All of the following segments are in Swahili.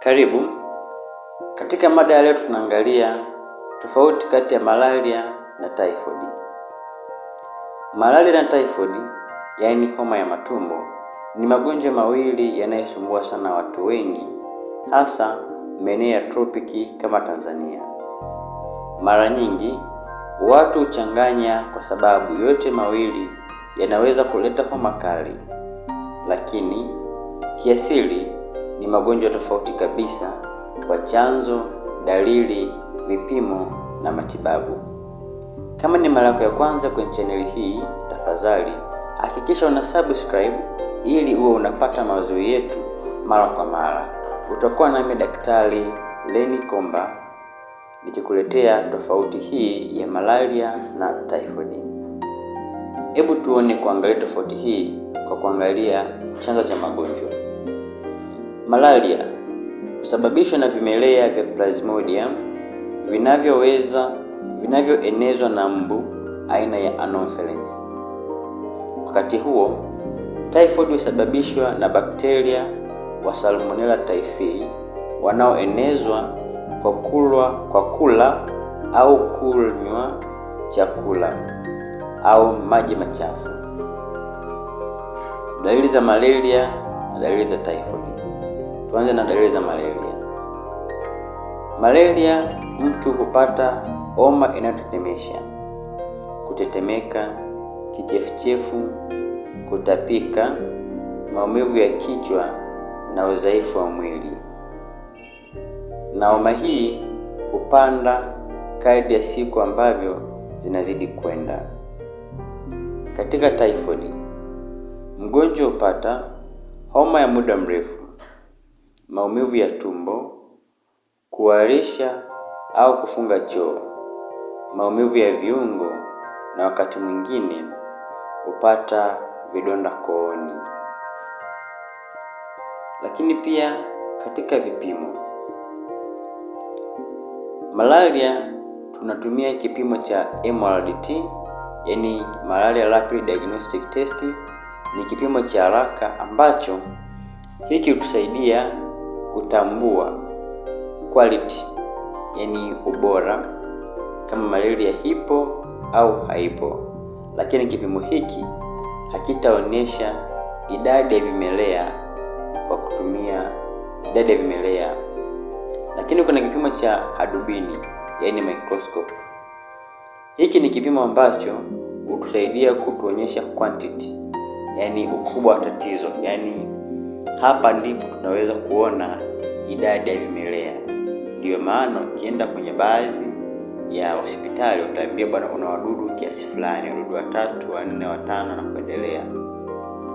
Karibu. Katika mada ya leo tunaangalia tofauti kati ya malaria na typhoid. Malaria na typhoid, yaani homa ya matumbo, ni magonjwa mawili yanayosumbua sana watu wengi, hasa maeneo ya tropiki kama Tanzania. Mara nyingi watu huchanganya kwa sababu yote mawili yanaweza kuleta homa kali, lakini kiasili ni magonjwa tofauti kabisa kwa chanzo, dalili, vipimo na matibabu. Kama ni mara yako ya kwanza kwenye chaneli hii, tafadhali hakikisha una subscribe ili uwe unapata mazuri yetu mara kwa mara. Utakuwa nami Daktari Lenny Komba nikikuletea tofauti hii ya malaria na typhoid. Hebu tuone kuangalia tofauti hii kwa kuangalia chanzo cha magonjwa. Malaria husababishwa na vimelea vya Plasmodium vinavyoweza vinavyoenezwa na mbu aina ya Anopheles. Wakati huo, typhoid husababishwa na bakteria wa Salmonella typhi wanaoenezwa kwa kulwa, kwa kula au kunywa chakula au maji machafu. Dalili za malaria na dalili za typhoid Tuanze na dalili za malaria. Malaria, mtu hupata homa inayotetemesha, kutetemeka, kichefuchefu, kutapika, maumivu ya kichwa na udhaifu wa mwili, na homa hii hupanda kadri ya siku ambavyo zinazidi kwenda. Katika typhoid, mgonjwa hupata homa ya muda mrefu maumivu ya tumbo, kuharisha au kufunga choo, maumivu ya viungo na wakati mwingine hupata vidonda kooni. Lakini pia katika vipimo, malaria tunatumia kipimo cha MRDT, yani malaria rapid diagnostic test. Ni kipimo cha haraka ambacho hiki hutusaidia kutambua quality, yani ubora kama malaria ipo au haipo, lakini kipimo hiki hakitaonyesha idadi ya vimelea kwa kutumia idadi ya vimelea, lakini kuna kipimo cha hadubini, yani microscope. Hiki ni kipimo ambacho hutusaidia kutuonyesha quantity, yani ukubwa wa tatizo, yani hapa ndipo tunaweza kuona idadi ya vimelea. Ndiyo maana ukienda kwenye baadhi ya hospitali utaambia bwana, una wadudu kiasi fulani, wadudu watatu, wanne, watano na kuendelea.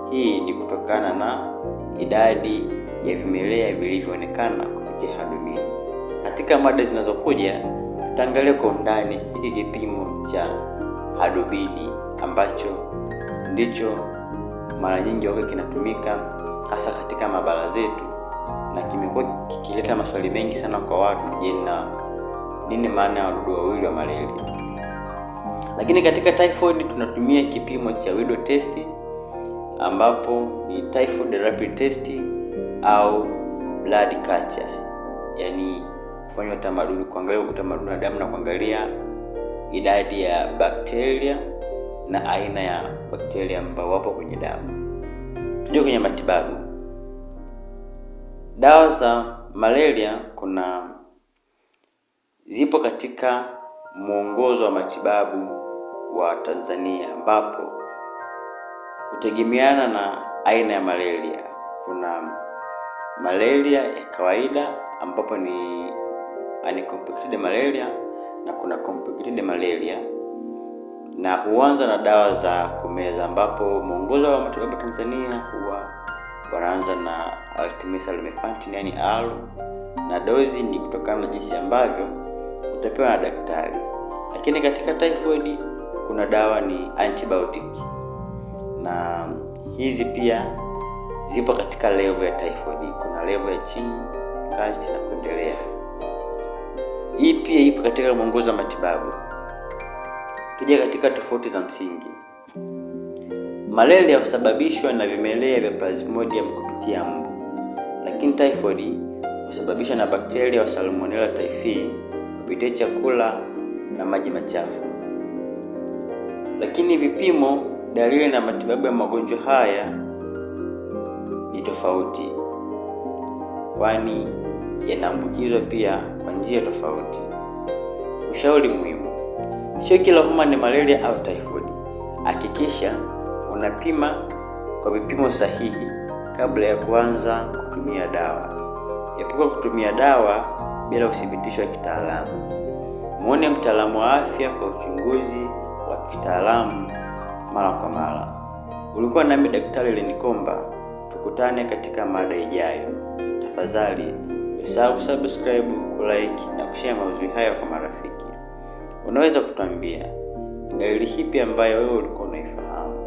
Hii ni kutokana na idadi ya vimelea vilivyoonekana kupitia hadubini. Katika mada zinazokuja tutaangalia kwa undani hiki kipimo cha hadubini ambacho ndicho mara nyingi wakati kinatumika hasa katika mabara zetu, na kimekuwa kikileta maswali mengi sana kwa watu. Je, na nini maana ya wadudu wawili wa malaria? Lakini katika typhoid tunatumia kipimo cha wido test ambapo ni typhoid rapid test au blood culture, yaani kufanya utamaduni, kuangalia utamaduni wa damu na kuangalia idadi ya bakteria na aina ya bakteria ambao wapo kwenye damu. Tuje kwenye matibabu. Dawa za malaria kuna zipo katika mwongozo wa matibabu wa Tanzania ambapo hutegemeana na aina ya malaria. Kuna malaria ya kawaida ambapo ni uncompacted malaria na kuna complicated malaria na huanza na dawa za kumeza, ambapo mwongozo wa matibabu Tanzania huwa wanaanza na Artemis lumefantrine, yani alu, na dozi ni kutokana na jinsi ambavyo utapewa na daktari. Lakini katika typhoid kuna dawa ni antibiotic, na hizi pia zipo katika level ya typhoid. Kuna level ya chini kati na kuendelea. Hii pia ipo katika mwongozo wa matibabu. Tukija katika tofauti za msingi, malaria husababishwa na vimelea vya plasmodium kupitia mbu, lakini typhoid husababishwa na bakteria wa salmonella typhi kupitia chakula na maji machafu. Lakini vipimo, dalili na matibabu ya magonjwa haya ni tofauti, kwani yanaambukizwa pia kwa njia tofauti. Ushauri muhimu Sio kila homa ni malaria au typhoid. Hakikisha unapima kwa vipimo sahihi kabla ya kuanza kutumia dawa. Epuka kutumia dawa bila kuthibitishwa kitaalamu. Muone mtaalamu wa afya kwa uchunguzi wa kitaalamu mara kwa mara. Ulikuwa nami Daktari Lenikomba, tukutane katika mada ijayo. Tafadhali usahau kusubscribe, kulike na kushare maudhui haya kwa marafiki. Unaweza kutuambia ni dalili hipi ambayo wewe ulikuwa unaifahamu?